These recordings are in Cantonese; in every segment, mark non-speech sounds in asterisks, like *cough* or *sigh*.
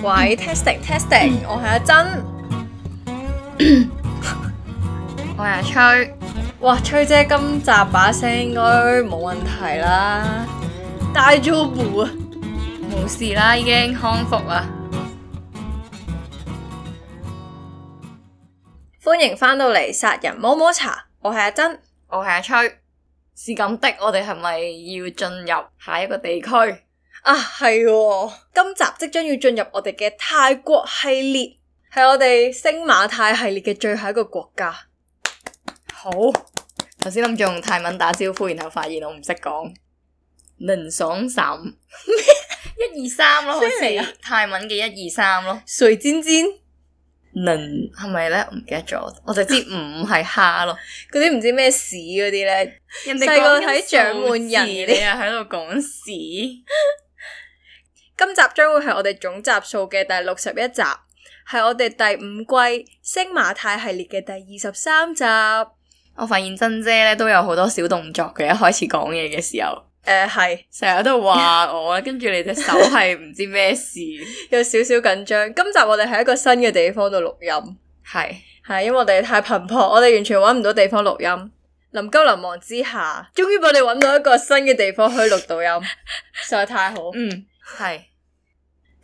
喂，testing testing，嗯，我係阿珍。 *coughs* 我係阿崔。哇，崔姐今集把聲應該冇問題啦，大進步啊，冇 *coughs* 事啦，已經康復啦。歡迎翻到嚟殺人摸摸茶，我係阿珍，我係阿崔，是咁的，我哋係咪要進入下一個地區？啊，係、哦，今集即將要進入我哋嘅泰國系列，係我哋星馬泰系列嘅最後一個國家。好，頭先諗住用泰文打招呼，然後發現我唔識講。林爽 *laughs* 三咩？一二三咯，好似泰文嘅一二三咯。誰尖尖，林係咪咧？唔記得咗，我就知五係蝦咯。嗰啲唔知咩屎嗰啲咧，人哋細個睇掌管人，滿人， *laughs* 你又喺度講屎。今集將會係我哋總集數嘅第六十一集，係我哋第五季《星馬泰》系列嘅第二十三集。我發現珍姐咧都有好多小動作嘅，一開始講嘢嘅時候，誒係成日都話我 *laughs* 跟住你隻手係唔知咩事， *laughs* 有少少緊張。今集我哋喺一個新嘅地方度錄音，係係是因為我哋太頻撲，我哋完全揾唔到地方錄音。臨急臨忙之下，終於俾我哋揾到一個新嘅地方去錄到音， *laughs* 實在太好。嗯。係，是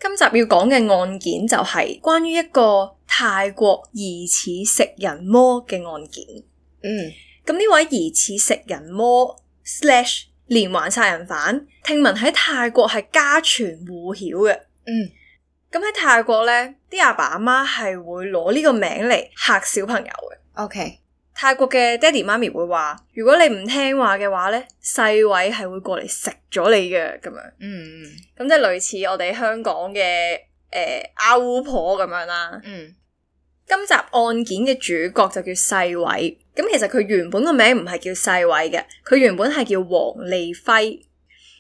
今集要講嘅案件就係關於一個泰國疑似食人魔嘅案件。嗯，咁呢位疑似食人魔/連環殺人犯，聽聞喺泰國係家傳戶曉嘅。嗯，咁喺泰國咧，啲阿爸阿媽係會攞呢個名嚟吓小朋友嘅。OK。泰國嘅爹地媽咪會話，如果你唔聽話嘅話咧，細偉係會過嚟食咗你嘅。咁、嗯、樣。嗯，咁即係類似我哋香港嘅誒、呃、阿烏婆咁樣啦。嗯，今集案件嘅主角就叫細偉，咁其實佢原本個名唔係叫細偉嘅，佢原本係叫黃利輝。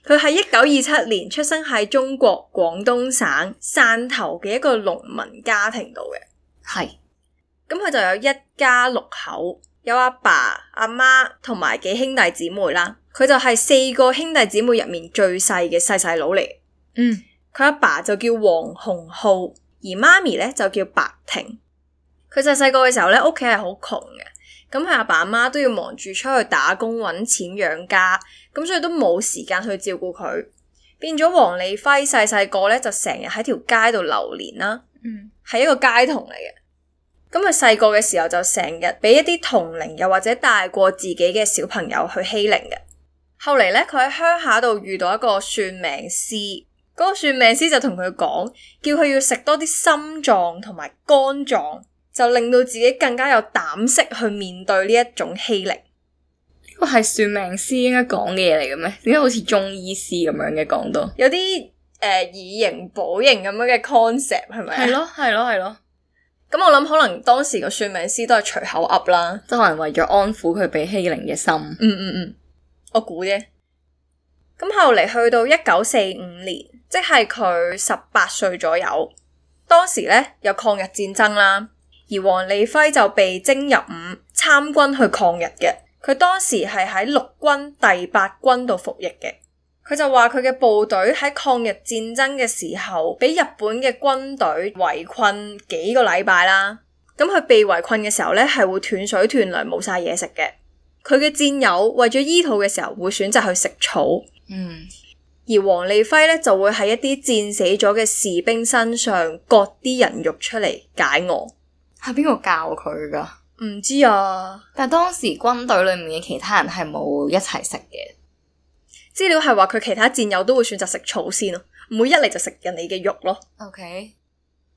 佢係一九二七年出生喺中國廣東省汕頭嘅一個農民家庭度嘅，係。咁佢就有一家六口，有阿爸，爸、阿媽同埋幾兄弟姊妹啦。佢就係四個兄弟姊妹入面最細嘅細細佬嚟。嗯，佢阿爸，爸就叫黃雄浩，而媽咪咧就叫白婷。佢細細個嘅時候咧，屋企係好窮嘅，咁佢阿爸阿媽都要忙住出去打工揾錢養家，咁所以都冇時間去照顧佢，變咗黃利輝細細個咧就成日喺條街度流連。啦。嗯，係一個街童嚟嘅。咁佢細個嘅時候就成日俾一啲同齡又或者大過自己嘅小朋友去欺凌嘅。後嚟呢，佢喺鄉下度遇到一個算命師，嗰個算命師就同佢講，叫佢要食多啲心臟同埋肝臟，就令到自己更加有膽識去面對呢一種欺凌。呢個係算命師應該講嘅嘢，嚟嘅咩？點解好似中醫師咁樣嘅講到？有啲誒以形補形咁樣嘅 concept 係咪啊？係咯係咯係咯。咁我諗可能當時個算命師都係隨口噏啦，即係可能為咗安撫佢被欺凌嘅心。嗯嗯嗯，我估啫。咁後嚟去到一九四五年，即係佢十八歲左右，當時咧有抗日戰爭啦，而黃利輝就被徵入伍參軍去抗日嘅。佢當時係喺陸軍第八軍度服役嘅。佢就話佢嘅部隊喺抗日戰爭嘅時候，俾日本嘅軍隊圍困幾個禮拜啦。咁佢被圍困嘅時候呢，係會斷水斷糧，冇晒嘢食嘅。佢嘅戰友為咗醫肚嘅時候，會選擇去食草。嗯，而黃利輝呢，就會喺一啲戰死咗嘅士兵身上割啲人肉出嚟解餓。係邊個教佢㗎？唔知啊。但係當時軍隊裏面嘅其他人係冇一齊食嘅。資料係話佢其他戰友都會選擇食草先咯，唔會一嚟就食人哋嘅肉咯。OK，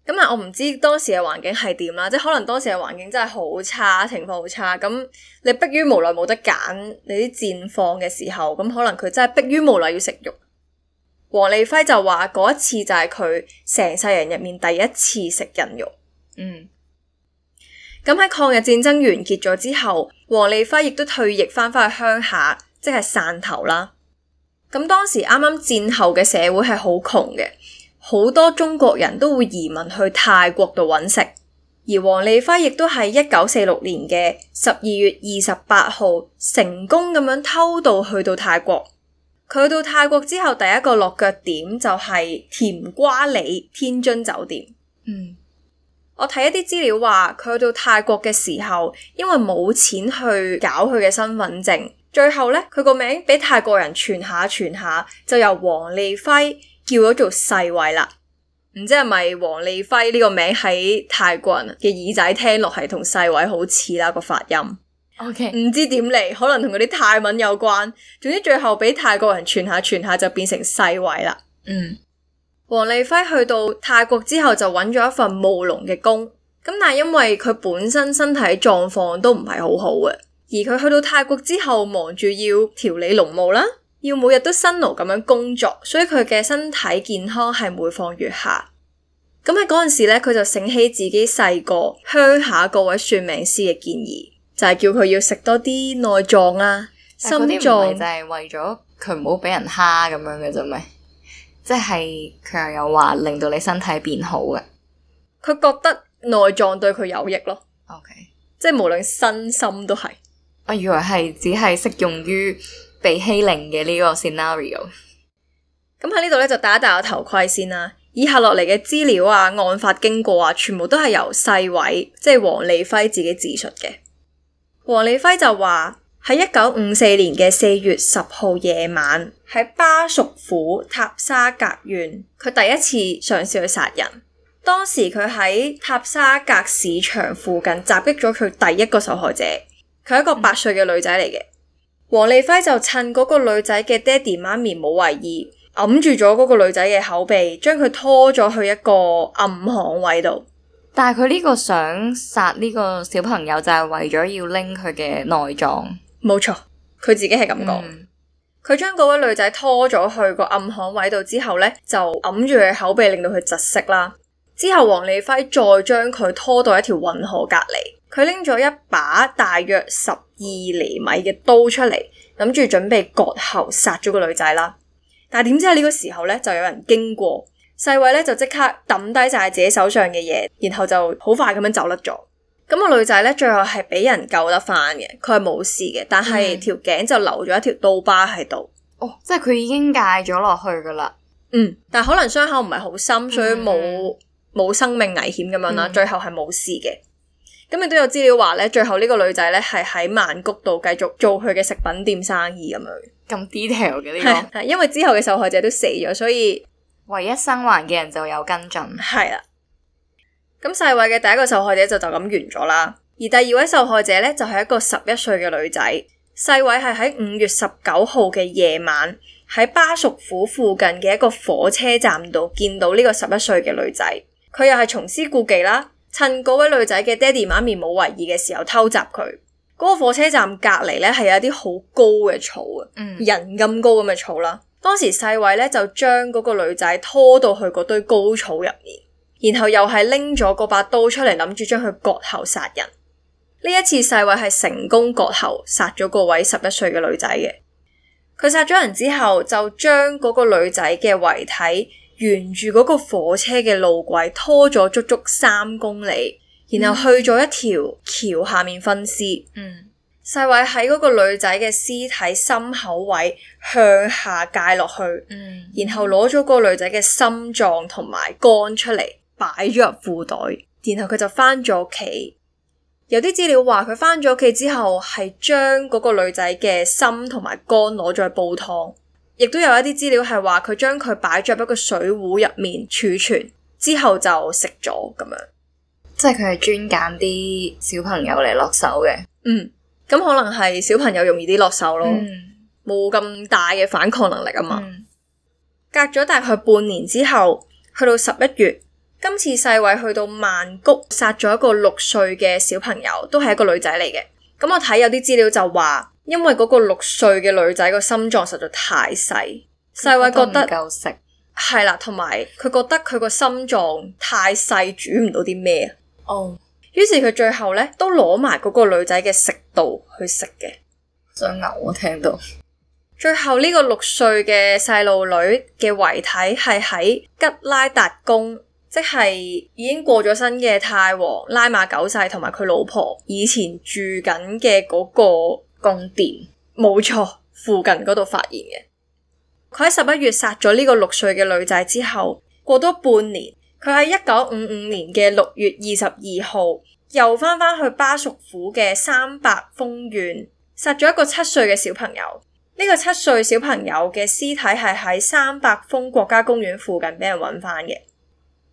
咁啊，我唔知當時嘅環境係點啦，即係可能當時嘅環境真係好差，情況好差。咁你迫於無奈冇得揀，你啲戰況嘅時候，咁可能佢真係迫於無奈要食肉。黃利輝就話嗰一次就係佢成世人入面第一次食人肉。嗯，咁喺抗日戰爭完結咗之後，黃利輝亦都退役翻返去鄉下，即係汕頭啦。咁當時啱啱戰後嘅社會係好窮嘅，好多中國人都會移民去泰國度揾食，而黃利輝亦都係一九四六年嘅十二月二十八號成功咁樣偷渡去到泰國。佢到泰國之後第一個落腳點就係甜瓜里天津酒店。嗯，我睇一啲資料話佢去到泰國嘅時候，因為冇錢去搞佢嘅身份證。最後咧，佢個名俾泰國人傳下傳下，就由黃利輝叫咗做細偉啦。唔知係咪黃利輝呢個名喺泰國人嘅耳仔聽落係同細偉好似啦、個發音。O K，唔知點嚟，可能同嗰啲泰文有關。總之最後俾泰國人傳下傳下，就變成細偉啦。嗯，黃利輝去到泰國之後就揾咗一份務農嘅工，咁但係因為佢本身身體狀況都唔係好好嘅。而佢去到泰國之後，忙住要調理農務啦，要每日都辛勞咁樣工作，所以佢嘅身體健康係每況愈下。咁喺嗰陣時咧，佢就醒起自己細個鄉下嗰位算命師嘅建議，就係叫佢要食多啲內臟啦、心臟，就係為咗佢唔好俾人蝦咁樣嘅啫。咪即係佢又話令到你身體變好嘅，佢覺得內臟對佢有益咯。OK，即係無論身心都係。我以為係只係適用於被欺凌嘅呢個 scenario。咁喺呢度咧就戴一戴個頭盔先啦。以下落嚟嘅資料啊、案發經過啊，全部都係由細偉，即係黃利輝自己自述嘅。黃利輝就話喺一九五四年嘅四月十號夜晚，喺巴蜀府塔沙格縣，佢第一次嘗試去殺人。當時佢喺塔沙格市場附近襲擊咗佢第一個受害者。佢係一個八歲嘅女仔嚟嘅，黃利輝就趁嗰個女仔嘅爹哋媽咪冇為意，揞住咗嗰個女仔嘅口鼻，將佢拖咗去一個暗巷位度。但係佢呢個想殺呢個小朋友就，就係為咗要拎佢嘅內臟。冇錯，佢自己係咁講。佢將嗰位女仔拖咗去個暗巷位度之後呢就揞住佢口鼻，令到佢窒息啦。之後黃利輝再將佢拖到一條運河隔籬。佢拎咗一把大約十二厘米嘅刀出嚟，諗住準備割喉殺咗個女仔啦。但係點知喺呢個時候咧，就有人經過，細偉咧就即刻抌低晒自己手上嘅嘢，然後就好快咁樣走甩咗。咁、那個女仔咧最後係俾人救得翻嘅，佢係冇事嘅，但係條頸就留咗一條刀疤喺度。哦，即係佢已經戒咗落去噶啦。嗯，但係可能傷口唔係好深，所以冇冇、嗯、生命危險咁樣啦。嗯、最後係冇事嘅。咁你都有資料話咧，最後呢個女仔咧係喺曼谷度繼續做佢嘅食品店生意咁樣。咁 detail 嘅呢個係 *laughs* 因為之後嘅受害者都死咗，所以唯一生還嘅人就有跟進。係啦，咁細偉嘅第一個受害者就就咁完咗啦。而第二位受害者咧就係、是、一個十一歲嘅女仔。細偉係喺五月十九號嘅夜晚喺巴蜀府附近嘅一個火車站度見到呢個十一歲嘅女仔，佢又係重施故技啦。趁嗰位女仔嘅爹哋媽咪冇懷疑嘅時候偷襲佢，嗰、嗰個火車站隔籬咧，係有啲好高嘅草啊，嗯、人咁高咁嘅草啦。當時細偉咧，就將嗰個女仔拖到去嗰堆高草入面，然後又係拎咗嗰把刀出嚟諗住將佢割喉殺人。呢一次細偉係成功割喉殺咗嗰位十一歲嘅女仔嘅。佢殺咗人之後就將嗰個女仔嘅遺體，沿住嗰個火車嘅路軌拖咗足足三公里，然後去咗一條橋下面分屍。嗯，細偉喺嗰個女仔嘅屍體心口位向下介落去，嗯，然後攞咗個女仔嘅心臟同埋肝出嚟，擺咗入褲袋，然後佢就翻咗屋企。有啲資料話佢翻咗屋企之後，係將嗰個女仔嘅心同埋肝攞咗去煲湯。亦都有一啲資料係話佢將佢擺咗喺一個水壺入面儲存，之後就食咗咁樣。即係佢係專揀啲小朋友嚟落手嘅。嗯，咁可能係小朋友容易啲落手咯，冇咁、嗯、大嘅反抗能力啊嘛。嗯、隔咗大概半年之後，去到十一月，今次細偉去到曼谷殺咗一個六歲嘅小朋友，都係一個女仔嚟嘅。咁我睇有啲資料就話。因為嗰個六歲嘅女仔個心臟實在太細，細偉覺得唔夠食，係啦，同埋佢覺得佢個心臟太細，煮唔到啲咩，哦、oh，於是佢最後呢都攞埋嗰個女仔嘅食道去食嘅，想嘔，我聽到，我聽到最後呢個六歲嘅細路女嘅遺體係喺吉拉達宮，即係已經過咗身嘅泰王拉馬九世同埋佢老婆以前住緊嘅嗰個。供電冇錯，附近嗰度發現嘅。佢喺十一月殺咗呢個六歲嘅女仔之後，過多半年，佢喺一九五五年嘅六月二十二號，又翻返去巴蜀府嘅三百峰縣殺咗一個七歲嘅小朋友。呢個七歲小朋友嘅屍體係喺三百峰國家公園附近俾人揾翻嘅。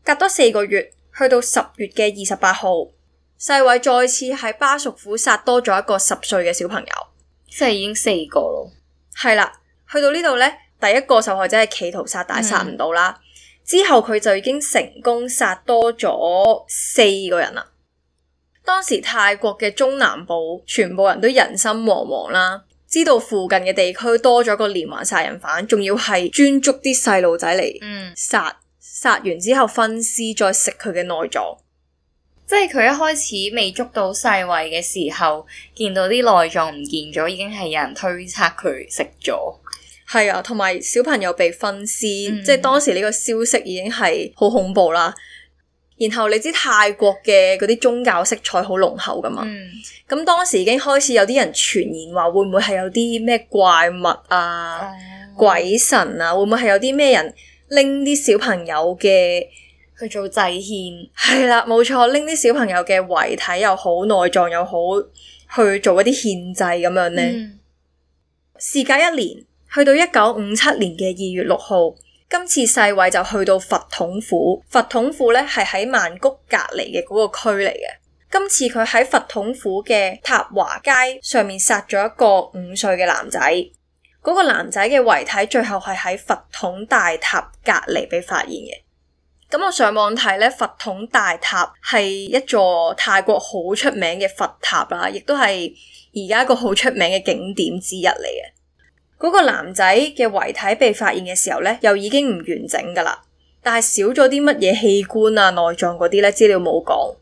隔多四個月，去到十月嘅二十八號。細偉再次喺巴蜀府殺多咗一個十歲嘅小朋友，即係已經四個咯。係啦，去到呢度咧，第一個受害者係企圖殺，但殺唔到啦。嗯、之後佢就已經成功殺多咗四個人啦。當時泰國嘅中南部全部人都人心惶惶啦，知道附近嘅地區多咗個連環殺人犯，仲要係專捉啲細路仔嚟，嗯，殺殺完之後分屍再食佢嘅內臟。即係佢一開始未捉到細偉嘅時候，見到啲內臟唔見咗，已經係有人推測佢食咗。係啊，同埋小朋友被分屍，嗯、即係當時呢個消息已經係好恐怖啦。然後你知泰國嘅嗰啲宗教色彩好濃厚噶嘛？咁、嗯、當時已經開始有啲人傳言話，會唔會係有啲咩怪物啊、嗯、鬼神啊？會唔會係有啲咩人拎啲小朋友嘅？去做祭獻，係啦、嗯，冇錯，拎啲小朋友嘅遺體又好，內臟又好，去做一啲獻祭咁樣呢。事隔一年，去到一九五七年嘅二月六號，今次細偉就去到佛統府。佛統府咧係喺曼谷隔籬嘅嗰個區嚟嘅。今次佢喺佛統府嘅塔華街上面殺咗一個五歲嘅男仔。嗰、那個男仔嘅遺體最後係喺佛統大塔隔籬被發現嘅。咁我上網睇咧，佛統大塔係一座泰國好出名嘅佛塔啦，亦都係而家一個好出名嘅景點之一嚟嘅。嗰、嗰個男仔嘅遺體被發現嘅時候咧，又已經唔完整噶啦，但係少咗啲乜嘢器官啊、內臟嗰啲咧，資料冇講。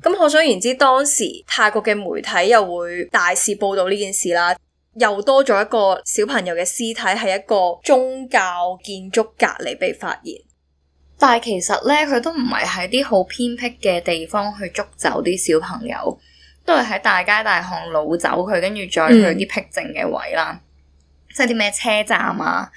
咁可想而知，當時泰國嘅媒體又會大肆報道呢件事啦，又多咗一個小朋友嘅屍體喺一個宗教建築隔籬被發現。但係其實咧，佢都唔係喺啲好偏僻嘅地方去捉走啲小朋友，都係喺大街大巷擄走佢，跟住再去啲僻靜嘅位啦，嗯、即係啲咩車站啊，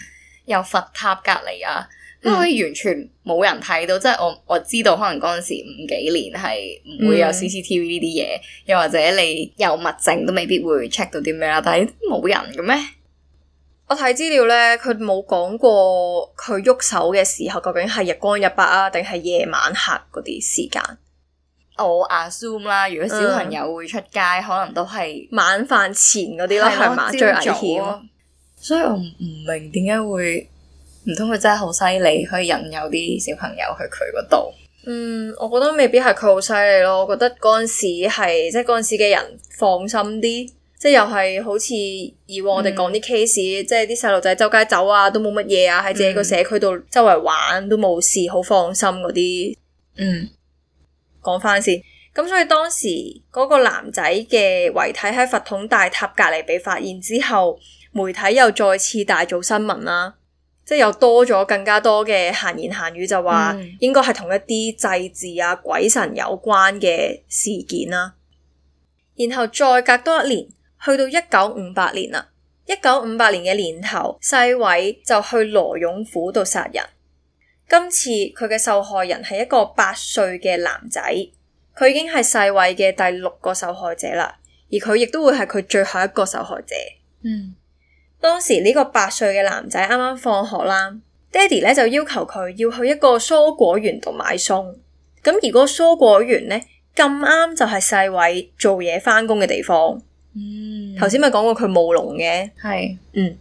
又佛塔隔籬啊，都完全冇人睇到。即係、嗯、我我知道，可能嗰陣時五幾年係唔會有 CCTV 呢啲嘢，嗯、又或者你有物證都未必會 check 到啲咩啦。但係冇人嘅咩？我睇資料咧，佢冇講過佢喐手嘅時候究竟係日光日白啊，定係夜晚黑嗰啲時間。我 assume 啦，如果小朋友會出街，嗯、可能都係晚飯前嗰啲咯，係嘛，最危險。所以我唔明點解會唔通，佢真係好犀利，可以引誘啲小朋友去佢嗰度？嗯，我覺得未必係佢好犀利咯，我覺得嗰陣時係即係嗰陣時嘅人放心啲。即係又係好似以往我哋講啲 case，即係啲細路仔周街走啊，都冇乜嘢啊，喺自己個社區度周圍玩都冇事，好放心嗰啲。嗯，講翻先，咁所以當時嗰個男仔嘅遺體喺佛統大塔隔籬被發現之後，媒體又再次大做新聞啦，啊，即係又多咗更加多嘅閒言閒語，就話應該係同一啲祭祀啊、鬼神有關嘅事件啦，啊。然後再隔多一年。去到一九五八年啦，一九五八年嘅年頭，細偉就去羅勇府度殺人。今次佢嘅受害人係一個八歲嘅男仔，佢已經係細偉嘅第六個受害者啦，而佢亦都會係佢最後一個受害者。嗯，當時呢個八歲嘅男仔啱啱放學啦，爹哋咧就要求佢要去一個蔬果園度買餸。咁而嗰個蔬果園咧咁啱就係細偉做嘢翻工嘅地方。嗯，頭先咪講過佢冇聾嘅，係，嗯，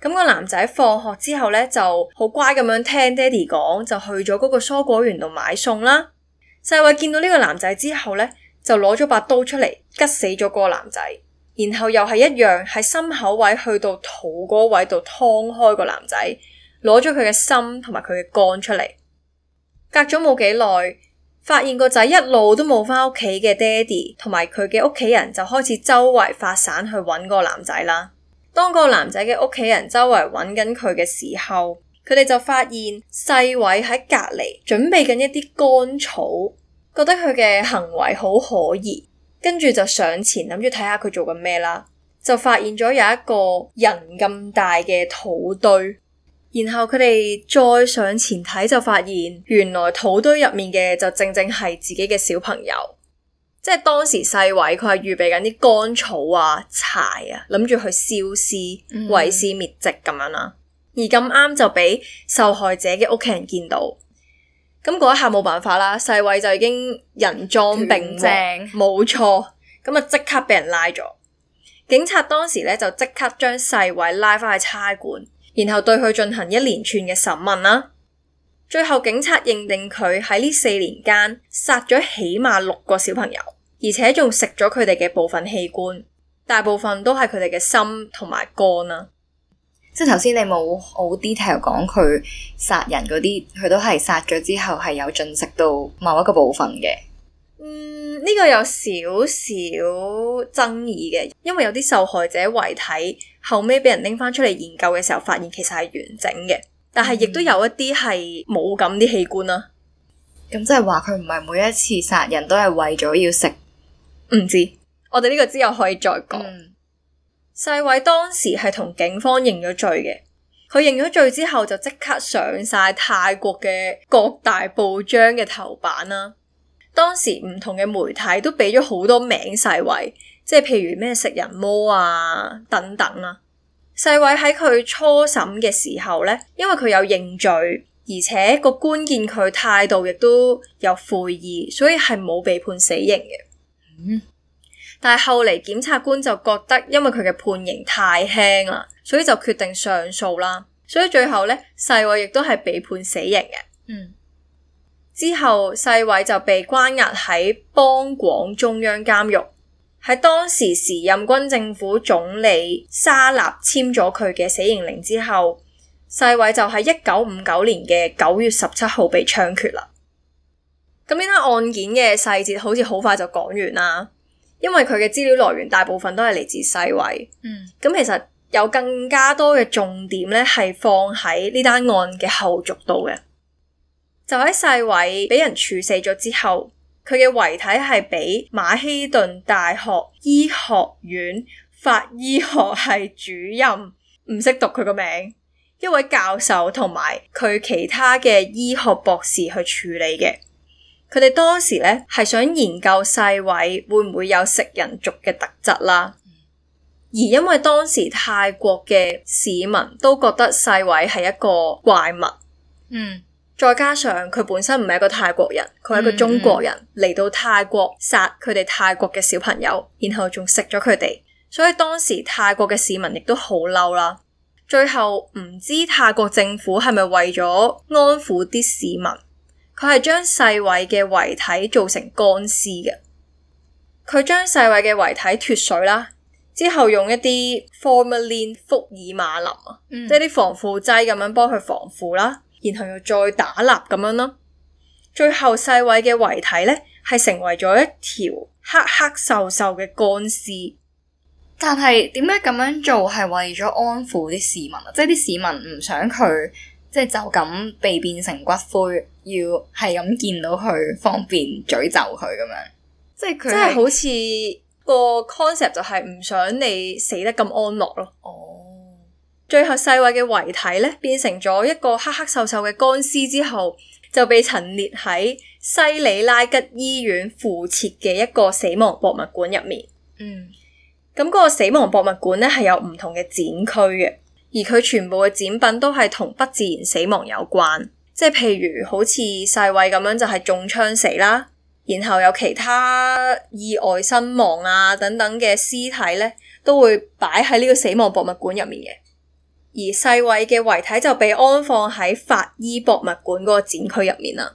咁個男仔放學之後咧就好乖咁樣聽爹哋講，就去咗嗰個蔬果園度買餸啦，細偉見到呢個男仔之後咧，就攞咗把刀出嚟，吉死咗個男仔，然後又係一樣喺心口位去到肚嗰位度劏開個男仔，攞咗佢嘅心同埋佢嘅肝出嚟，隔咗冇幾耐。發現個仔一路都冇翻屋企嘅爹哋，同埋佢嘅屋企人就開始周圍發散去揾個男仔啦。當個男仔嘅屋企人周圍揾緊佢嘅時候，佢哋就發現細偉喺隔籬準備緊一啲乾草，覺得佢嘅行為好可疑，跟住就上前諗住睇下佢做緊咩啦，就發現咗有一個人咁大嘅土堆。然後佢哋再上前睇，就發現原來土堆入面嘅就正正係自己嘅小朋友，即係當時細偉佢係預備緊啲乾草啊、柴啊，諗住去燒屍、毀屍滅跡咁樣啦。嗯、而咁啱就俾受害者嘅屋企人見到，咁嗰一下冇辦法啦，細偉就已經人贓並獲，冇正錯，咁啊即刻俾人拉咗。警察當時咧就即刻將細偉拉翻去差館。然後對佢進行一連串嘅審問啦，最後警察認定佢喺呢四年間殺咗起碼六個小朋友，而且仲食咗佢哋嘅部分器官，大部分都係佢哋嘅心同埋肝啦。即係頭先你冇好 detail 講佢殺人嗰啲，佢都係殺咗之後係有進食到某一個部分嘅。嗯，呢個有少少爭議嘅，因為有啲受害者遺體。後尾俾人拎翻出嚟研究嘅時候，發現其實係完整嘅，但係亦都有一啲係冇咁啲器官啦、啊。咁即係話佢唔係每一次殺人都，都係為咗要食。唔知我哋呢個之後可以再講、嗯。細偉當時係同警方認咗罪嘅，佢認咗罪之後就即刻上晒泰國嘅各大報章嘅頭版啦、啊。當時唔同嘅媒體都俾咗好多名細偉。即係譬如咩食人魔啊等等啊，細偉喺佢初審嘅時候咧，因為佢有認罪，而且個官見佢態度亦都有悔意，所以係冇被判死刑嘅。嗯，但係後嚟檢察官就覺得因為佢嘅判刑太輕啦，所以就決定上訴啦，所以最後咧，細偉亦都係被判死刑嘅。嗯，之後細偉就被關押喺邦廣中央監獄。喺當時時任軍政府總理沙納簽咗佢嘅死刑令之後，細偉就喺一九五九年嘅九月十七號被槍決啦。咁呢單案件嘅細節好似好快就講完啦，因為佢嘅資料來源大部分都係嚟自細偉。嗯，咁其實有更加多嘅重點咧，係放喺呢單案嘅後續度嘅。就喺細偉俾人處死咗之後。佢嘅遺體係俾馬希頓大學醫學院法醫學系主任、唔識讀佢個名，一位教授同埋佢其他嘅醫學博士去處理嘅。佢哋當時咧係想研究細偉會唔會有食人族嘅特質啦，而因為當時泰國嘅市民都覺得細偉係一個怪物，嗯。再加上佢本身唔係一個泰國人，佢係一個中國人嚟、mm hmm. 到泰國殺佢哋泰國嘅小朋友，然後仲食咗佢哋，所以當時泰國嘅市民亦都好嬲啦。最後唔知泰國政府係咪為咗安撫啲市民，佢係將細偉嘅遺體做成乾屍嘅，佢將細偉嘅遺體脫水啦，之後用一啲 formalin 福爾馬林啊，mm hmm. 即係啲防腐劑咁樣幫佢防腐啦。然後又再打蠟咁樣咯，最後細偉嘅遺體咧係成為咗一條黑黑瘦瘦嘅乾屍。但係點解咁樣做係為咗安撫啲市民啊？即係啲市民唔想佢即係就咁被變成骨灰，要係咁見到佢方便詛咒佢咁樣。即係佢，即係好似個 concept 就係唔想你死得咁安樂咯。哦。最後細，細偉嘅遺體咧變成咗一個黑黑瘦瘦嘅乾屍之後，就被陳列喺西里拉吉醫院附設嘅一個死亡博物館入面。嗯，咁嗰個死亡博物館咧係有唔同嘅展區嘅，而佢全部嘅展品都係同不自然死亡有關，即係譬如好似細偉咁樣就係中槍死啦，然後有其他意外身亡啊等等嘅屍體咧都會擺喺呢個死亡博物館入面嘅。而細偉嘅遺體就被安放喺法醫博物館嗰個展區入面啦。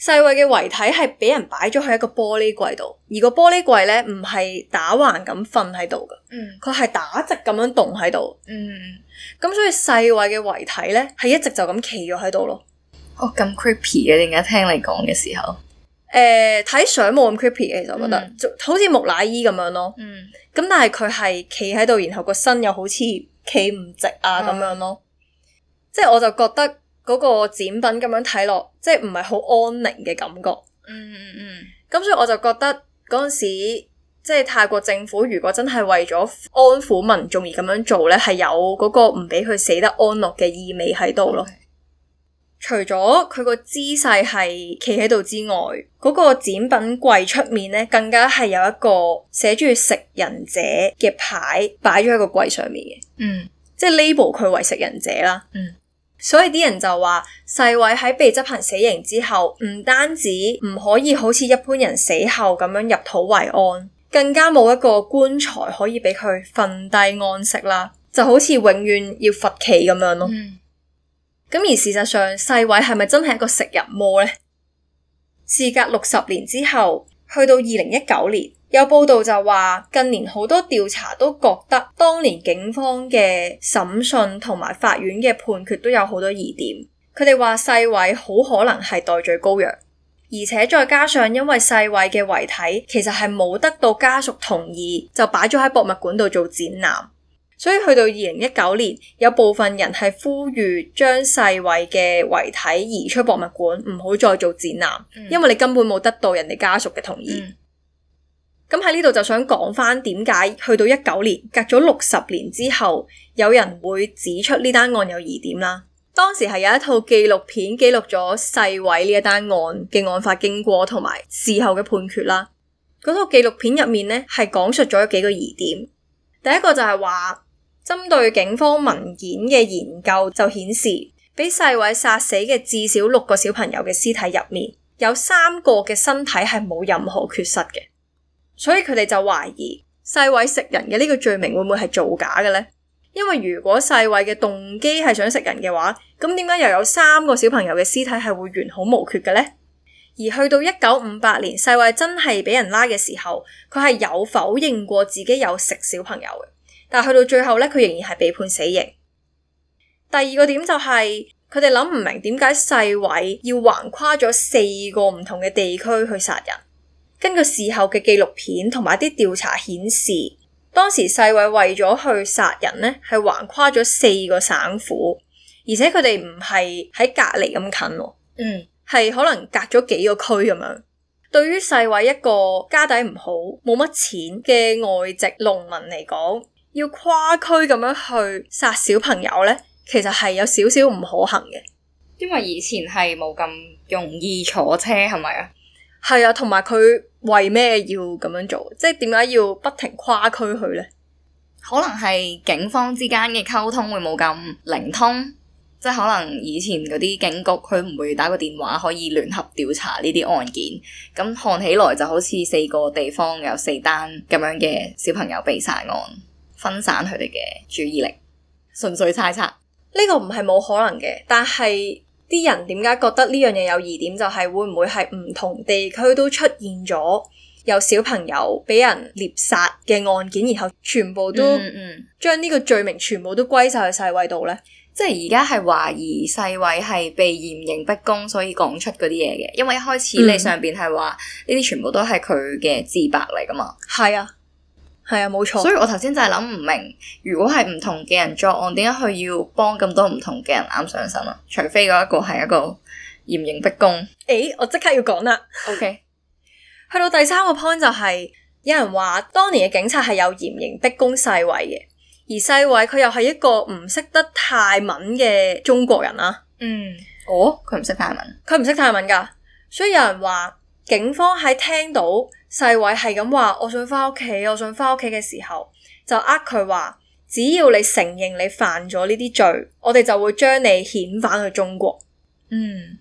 細偉嘅遺體係俾人擺咗喺一個玻璃櫃度，而個玻璃櫃咧唔係打橫咁瞓喺度噶，嗯，佢係打直咁樣動喺度，嗯，咁所以細偉嘅遺體咧係一直就咁企咗喺度咯。哦，咁 creepy 嘅，點解聽你講嘅時候？誒，睇相冇咁 creepy 嘅，就覺得好似木乃伊咁樣咯。嗯，咁但係佢係企喺度，然後個身又好似。企唔直啊，咁、嗯、樣咯，即係我就覺得嗰個展品咁樣睇落，即係唔係好安寧嘅感覺。嗯嗯嗯，咁、嗯、所以我就覺得嗰陣時，即係泰國政府如果真係為咗安撫民眾而咁樣做咧，係有嗰個唔俾佢死得安樂嘅意味喺度咯。嗯除咗佢個姿勢係企喺度之外，嗰個展品櫃出面咧，更加係有一個寫住食人者嘅牌擺咗喺個櫃上面嘅。嗯，即係 label 佢為食人者啦。嗯，所以啲人就話，細偉喺被執行死刑之後，唔單止唔可以好似一般人死後咁樣入土為安，更加冇一個棺材可以俾佢瞓低安息啦，就好似永遠要罰企咁樣咯。嗯咁而事實上，細偉係咪真係一個食人魔呢？事隔六十年之後，去到二零一九年，有報道就話近年好多調查都覺得，當年警方嘅審訊同埋法院嘅判決都有好多疑點。佢哋話細偉好可能係代罪羔羊，而且再加上因為細偉嘅遺體其實係冇得到家屬同意，就擺咗喺博物館度做展覽。所以去到二零一九年，有部分人係呼籲將細偉嘅遺體移出博物館，唔好再做展覽，因為你根本冇得到人哋家屬嘅同意。咁喺呢度就想講翻點解去到一九年，隔咗六十年之後，有人會指出呢單案有疑點啦。當時係有一套紀錄片記錄咗細偉呢一單案嘅案發經過同埋事後嘅判決啦。嗰套紀錄片入面呢係講述咗幾個疑點，第一個就係話。針對警方文件嘅研究就顯示，俾細偉殺死嘅至少六個小朋友嘅屍體入面，有三個嘅身體係冇任何缺失嘅，所以佢哋就懷疑細偉食人嘅呢個罪名會唔會係造假嘅呢？因為如果細偉嘅動機係想食人嘅話，咁點解又有三個小朋友嘅屍體係會完好無缺嘅呢？而去到一九五八年，細偉真係俾人拉嘅時候，佢係有否認過自己有食小朋友嘅。但係去到最後咧，佢仍然係被判死刑。第二個點就係佢哋諗唔明點解細偉要橫跨咗四個唔同嘅地區去殺人。根據事後嘅紀錄片同埋啲調查顯示，當時細偉為咗去殺人咧，係橫跨咗四個省府，而且佢哋唔係喺隔籬咁近，嗯，係可能隔咗幾個區咁樣。對於細偉一個家底唔好，冇乜錢嘅外籍農民嚟講。要跨區咁樣去殺小朋友咧，其實係有少少唔可行嘅，因為以前係冇咁容易坐車，係咪啊？係啊，同埋佢為咩要咁樣做？即係點解要不停跨區去咧？可能係警方之間嘅溝通會冇咁靈通，即係可能以前嗰啲警局佢唔會打個電話可以聯合調查呢啲案件，咁看起來就好似四個地方有四單咁樣嘅小朋友被殺案。分散佢哋嘅注意力，純粹猜測。呢個唔係冇可能嘅，但係啲人點解覺得呢樣嘢有疑點，就係、是，會唔會係唔同地區都出現咗有小朋友俾人獵殺嘅案件，然後全部都將呢、嗯嗯、個罪名全部都歸晒去世衛度呢？即係而家係懷疑世衛係被嚴刑逼供，所以講出嗰啲嘢嘅。因為一開始你上邊係話呢啲全部都係佢嘅自白嚟噶嘛？係啊。係啊，冇錯。所以我頭先就係諗唔明，的如果係唔同嘅人作案，點解佢要幫咁多唔同嘅人啱上身啊？除非嗰一個係一個嚴刑逼供。誒、欸，我即刻要講啦。OK。去到第三個 point 就係、是，有人話當年嘅警察係有嚴刑逼供細偉嘅，而細偉佢又係一個唔識得泰文嘅中國人啦。嗯。哦，佢唔識泰文。佢唔識泰文噶，所以有人話警方喺聽到。細偉係咁話，我想翻屋企，我想翻屋企嘅時候，就呃佢話，只要你承認你犯咗呢啲罪，我哋就會將你遣返去中國。嗯，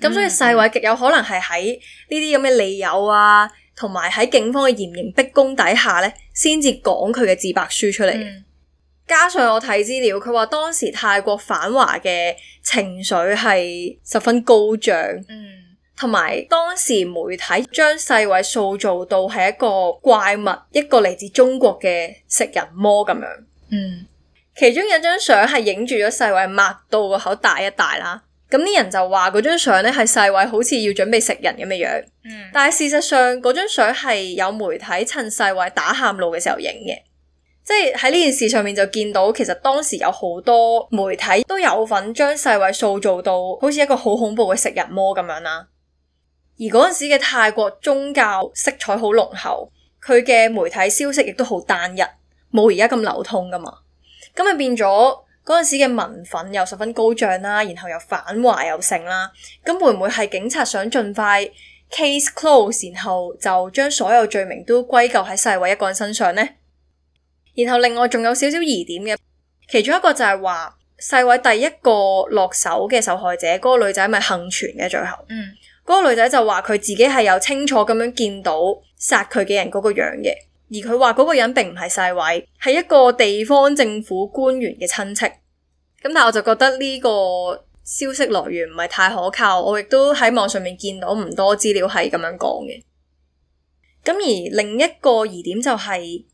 咁、嗯、所以細偉極有可能係喺呢啲咁嘅理由啊，同埋喺警方嘅嚴刑逼供底下咧，先至講佢嘅自白書出嚟。嗯、加上我睇資料，佢話當時泰國反華嘅情緒係十分高漲。嗯。同埋當時媒體將細偉塑造到係一個怪物，一個嚟自中國嘅食人魔咁樣。嗯，其中有張相係影住咗細偉擘到個口大一大啦。咁啲人就話嗰張相咧係細偉好似要準備食人咁嘅樣。嗯，但係事實上嗰張相係有媒體趁細偉打喊路嘅時候影嘅，即係喺呢件事上面就見到，其實當時有好多媒體都有份將細偉塑造到好似一個好恐怖嘅食人魔咁樣啦。而嗰陣時嘅泰國宗教色彩好濃厚，佢嘅媒體消息亦都好單一，冇而家咁流通噶嘛。咁咪變咗嗰陣時嘅民憤又十分高漲啦，然後又反華又盛啦。咁會唔會係警察想盡快 case close，然後就將所有罪名都歸咎喺細偉一個人身上呢？然後另外仲有少少疑點嘅，其中一個就係話細偉第一個落手嘅受害者嗰個女仔咪倖存嘅最後。嗯。嗰個女仔就話佢自己係有清楚咁樣見到殺佢嘅人嗰個樣嘅，而佢話嗰個人並唔係細偉，係一個地方政府官員嘅親戚。咁但係我就覺得呢個消息來源唔係太可靠，我亦都喺網上面見到唔多資料係咁樣講嘅。咁而另一個疑點就係，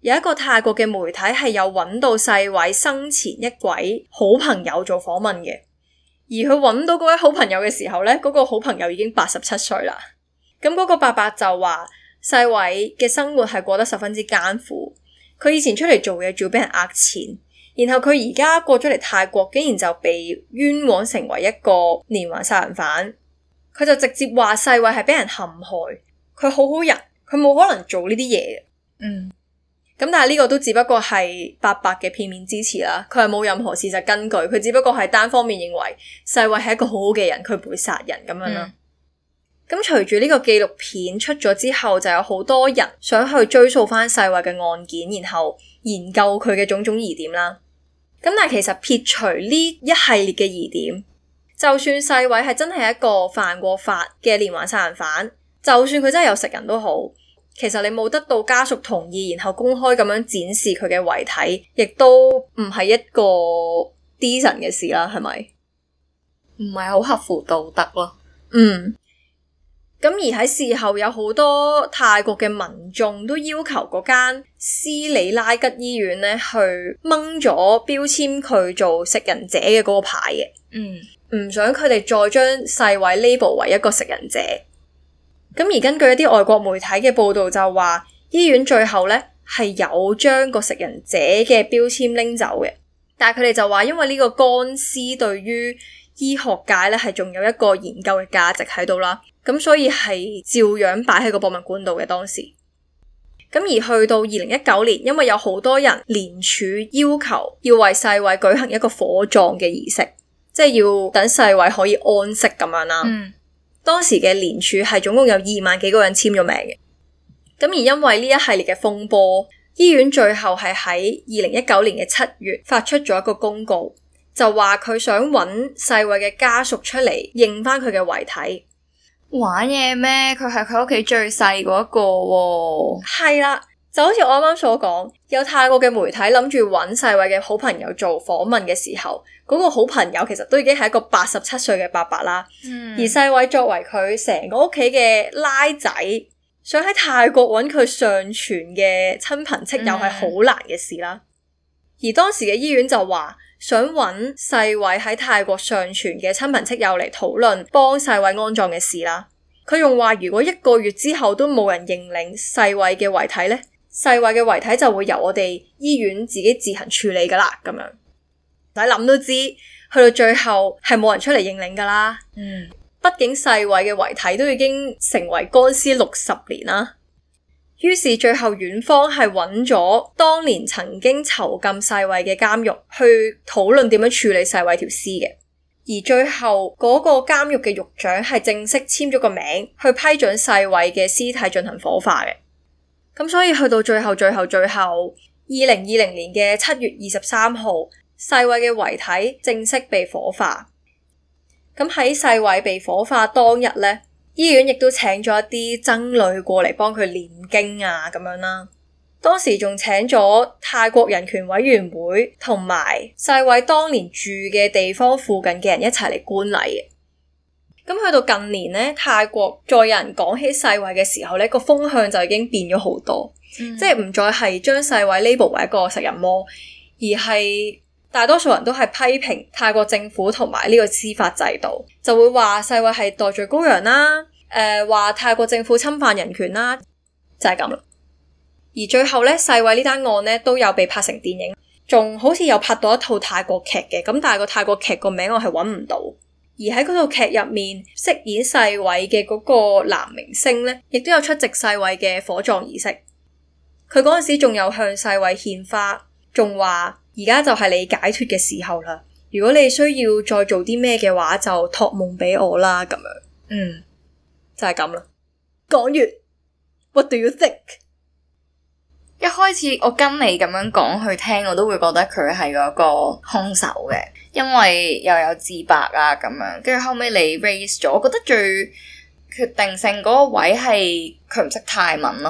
有一個泰國嘅媒體係有揾到細偉生前一位好朋友做訪問嘅。而佢揾到嗰位好朋友嘅時候呢嗰、嗰個好朋友已經八十七歲啦。咁、那、嗰個伯伯就話：細偉嘅生活係過得十分之艱苦，佢以前出嚟做嘢仲要俾人呃錢，然後佢而家過咗嚟泰國，竟然就被冤枉成為一個連環殺人犯。佢就直接話：細偉係俾人陷害，佢好好人，佢冇可能做呢啲嘢。嗯。咁但係呢個都只不過係八八嘅片面之詞啦，佢係冇任何事實根據，佢只不過係單方面認為細偉係一個好好嘅人，佢唔會殺人咁樣啦。咁隨住呢個紀錄片出咗之後，就有好多人想去追溯翻細偉嘅案件，然後研究佢嘅種種疑點啦。咁但係其實撇除呢一系列嘅疑點，就算細偉係真係一個犯過法嘅連環殺人犯，就算佢真係有食人都好。其實你冇得到家屬同意，然後公開咁樣展示佢嘅遺體，亦都唔係一個 decent 嘅事啦，係咪？唔係好合乎道德咯。嗯。咁而喺事後，有好多泰國嘅民眾都要求嗰間斯里拉吉醫院咧去掹咗標籤佢做食人者嘅嗰個牌嘅。嗯。唔想佢哋再將細偉 label 為一個食人者。咁而根據一啲外國媒體嘅報道就，就話醫院最後咧係有將個食人者嘅標籤拎走嘅，但係佢哋就話因為呢個乾屍對於醫學界咧係仲有一個研究嘅價值喺度啦，咁所以係照樣擺喺個博物館度嘅當時。咁而去到二零一九年，因為有好多人聯署要求要為細偉舉行一個火葬嘅儀式，即係要等細偉可以安息咁樣啦。嗯。當時嘅連署係總共有二萬幾個人簽咗名嘅，咁而因為呢一系列嘅風波，醫院最後係喺二零一九年嘅七月發出咗一個公告，就話佢想揾細偉嘅家屬出嚟認翻佢嘅遺體。玩嘢咩？佢係佢屋企最細嗰一個喎、啊。係啦。就好似我啱啱所講，有泰國嘅媒體諗住揾細偉嘅好朋友做訪問嘅時候，嗰、那個好朋友其實都已經係一個八十七歲嘅伯伯啦。嗯、而細偉作為佢成個屋企嘅孻仔，想喺泰國揾佢上傳嘅親朋戚友係好難嘅事啦。嗯、而當時嘅醫院就話想揾細偉喺泰國上傳嘅親朋戚友嚟討論幫細偉安葬嘅事啦。佢仲話如果一個月之後都冇人認領細偉嘅遺體呢。細偉嘅遺體就會由我哋醫院自己自行處理噶啦，咁樣唔使諗都知，去到最後係冇人出嚟認領噶啦。嗯，畢竟細偉嘅遺體都已經成為乾屍六十年啦。於是最後院方係揾咗當年曾經囚禁細偉嘅監獄去討論點樣處理細偉條屍嘅，而最後嗰個監獄嘅獄長係正式簽咗個名去批准細偉嘅屍體進行火化嘅。咁所以去到最後、最後、最後，二零二零年嘅七月二十三號，細偉嘅遺體正式被火化。咁喺細偉被火化當日咧，醫院亦都請咗一啲僧侶過嚟幫佢念經啊，咁樣啦。當時仲請咗泰國人權委員會同埋細偉當年住嘅地方附近嘅人一齊嚟觀禮。咁去到近年咧，泰國再有人講起細偉嘅時候咧，個風向就已經變咗好多，嗯、即係唔再係將細偉 label 為一個食人魔，而係大多數人都係批評泰國政府同埋呢個司法制度，就會話細偉係代罪羔羊啦，誒、呃，話泰國政府侵犯人權啦，就係咁啦。而最後咧，細偉呢單案咧都有被拍成電影，仲好似有拍到一套泰國劇嘅，咁但係個泰國劇個名我係揾唔到。而喺嗰套劇入面，飾演細偉嘅嗰個男明星呢，亦都有出席細偉嘅火葬儀式。佢嗰陣時仲有向細偉獻花，仲話：而家就係你解脱嘅時候啦。如果你需要再做啲咩嘅話，就託夢俾我啦。咁樣，嗯，就係咁啦。講完，What do you think？一開始我跟你咁樣講去聽，我都會覺得佢係嗰個兇手嘅。因為又有自白啊，咁樣，跟住後尾你 raise 咗，我覺得最決定性嗰個位係佢唔識泰文咯。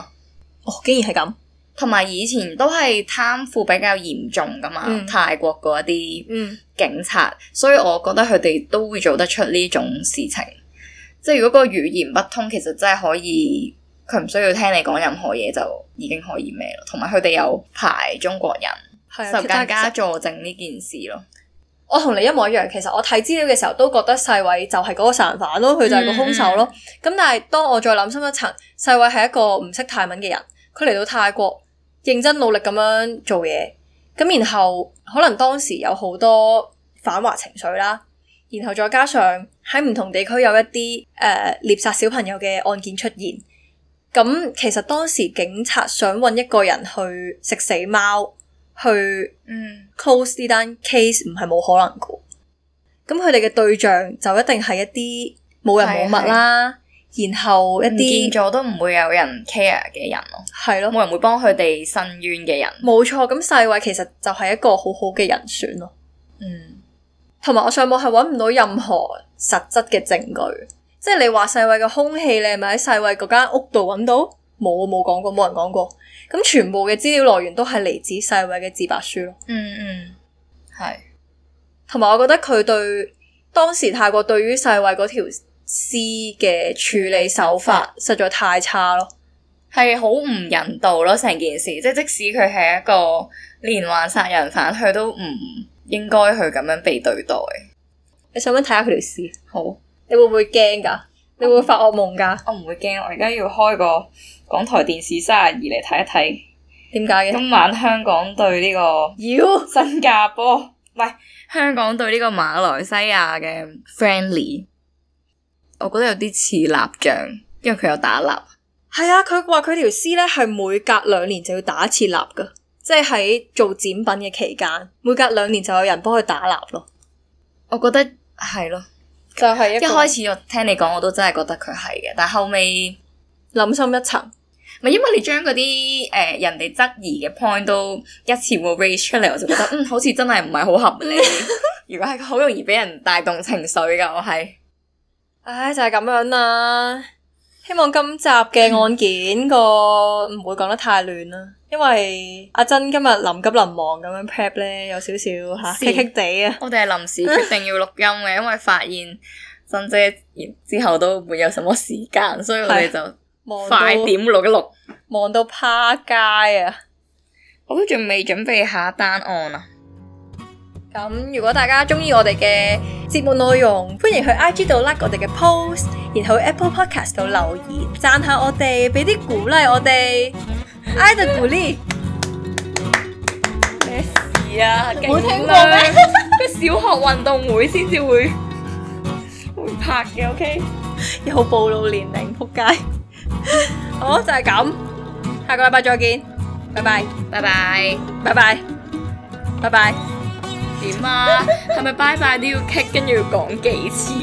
哦，竟然係咁，同埋以前都係貪腐比較嚴重㗎嘛，嗯、泰國嗰一啲警察，嗯、所以我覺得佢哋都會做得出呢種事情。嗯、即係如果個語言不通，其實真係可以，佢唔需要聽你講任何嘢，就已經可以咩咯。同埋佢哋有排中國人，就更加佐證呢件事咯。我同你一模一樣，其實我睇資料嘅時候都覺得細偉就係嗰個殺人犯咯，佢就係個兇手咯。咁、嗯、但係當我再諗深一層，細偉係一個唔識泰文嘅人，佢嚟到泰國認真努力咁樣做嘢，咁然後可能當時有好多反華情緒啦，然後再加上喺唔同地區有一啲誒獵殺小朋友嘅案件出現，咁其實當時警察想搵一個人去食死貓。去 close 呢單 case 唔係冇可能噶，咁佢哋嘅對象就一定係一啲冇人冇物啦，是是，然後一啲唔見咗都唔會有人 care 嘅人咯，係咯，冇人會幫佢哋伸冤嘅人。冇錯，咁細偉其實就係一個好好嘅人選咯。嗯，同埋我上網係揾唔到任何實質嘅證據，即係你話細偉嘅凶器，你係咪喺細偉嗰間屋度揾到？冇，冇講過，冇人講過。咁全部嘅資料來源都係嚟自細偉嘅自白書咯。嗯嗯，係、嗯。同埋，我覺得佢對當時泰國對於細偉嗰條屍嘅處理手法實在太差咯，係好唔人道咯。成件事，即係即使佢係一個連環殺人犯，佢都唔應該去咁樣被對待。你想唔想睇下佢條屍？好，你會唔會驚噶？你會發惡夢噶？我唔會驚，我而家要開個。港台電視三十二嚟睇一睇，點解嘅？今晚香港對呢、這個，You? 新加坡唔係香港對呢個馬來西亞嘅 friendly，我覺得有啲似蠟像，因為佢有打蠟。係啊，佢話佢條屍咧係每隔兩年就要打一次蠟㗎，即係喺做展品嘅期間，每隔兩年就有人幫佢打蠟咯。我覺得係咯，啊、就係一,一開始我聽你講，我都真係覺得佢係嘅，但後尾諗深一層。咪因為你將嗰啲誒人哋質疑嘅 point 都一次過 raise 出嚟，我就覺得 *laughs* 嗯，好似真係唔係好合理。 *laughs* 如果係好容易俾人帶動情緒噶，我係，唉、哎、就係、是、咁樣啦、啊。希望今集嘅案件個唔會講得太亂啦、啊。因為阿珍今日臨急臨忙咁樣 prep 咧，有少少吓，棘棘地啊。啊我哋係臨時決定要錄音嘅， *laughs* 因為發現珍姐之後都沒有什麼時間，所以我哋就是的。快點錄一錄，望到趴街啊！我都仲未準備下單案啊。咁如果大家中意我哋嘅節目內容，歡迎去 IG 度 like 我哋嘅 post，然後 Apple Podcast 度留言讚下我哋，俾啲鼓勵我哋。愛的鼓勵咩事啊？冇聽過咩？個小學運動會先至會會拍嘅，OK？又暴露年齡，扑街！好、 *laughs* 哦，就係、是、咁，下個禮拜再見，拜拜，拜拜，拜拜，拜拜，點啊？係咪拜拜都要 kick，跟住要講幾次？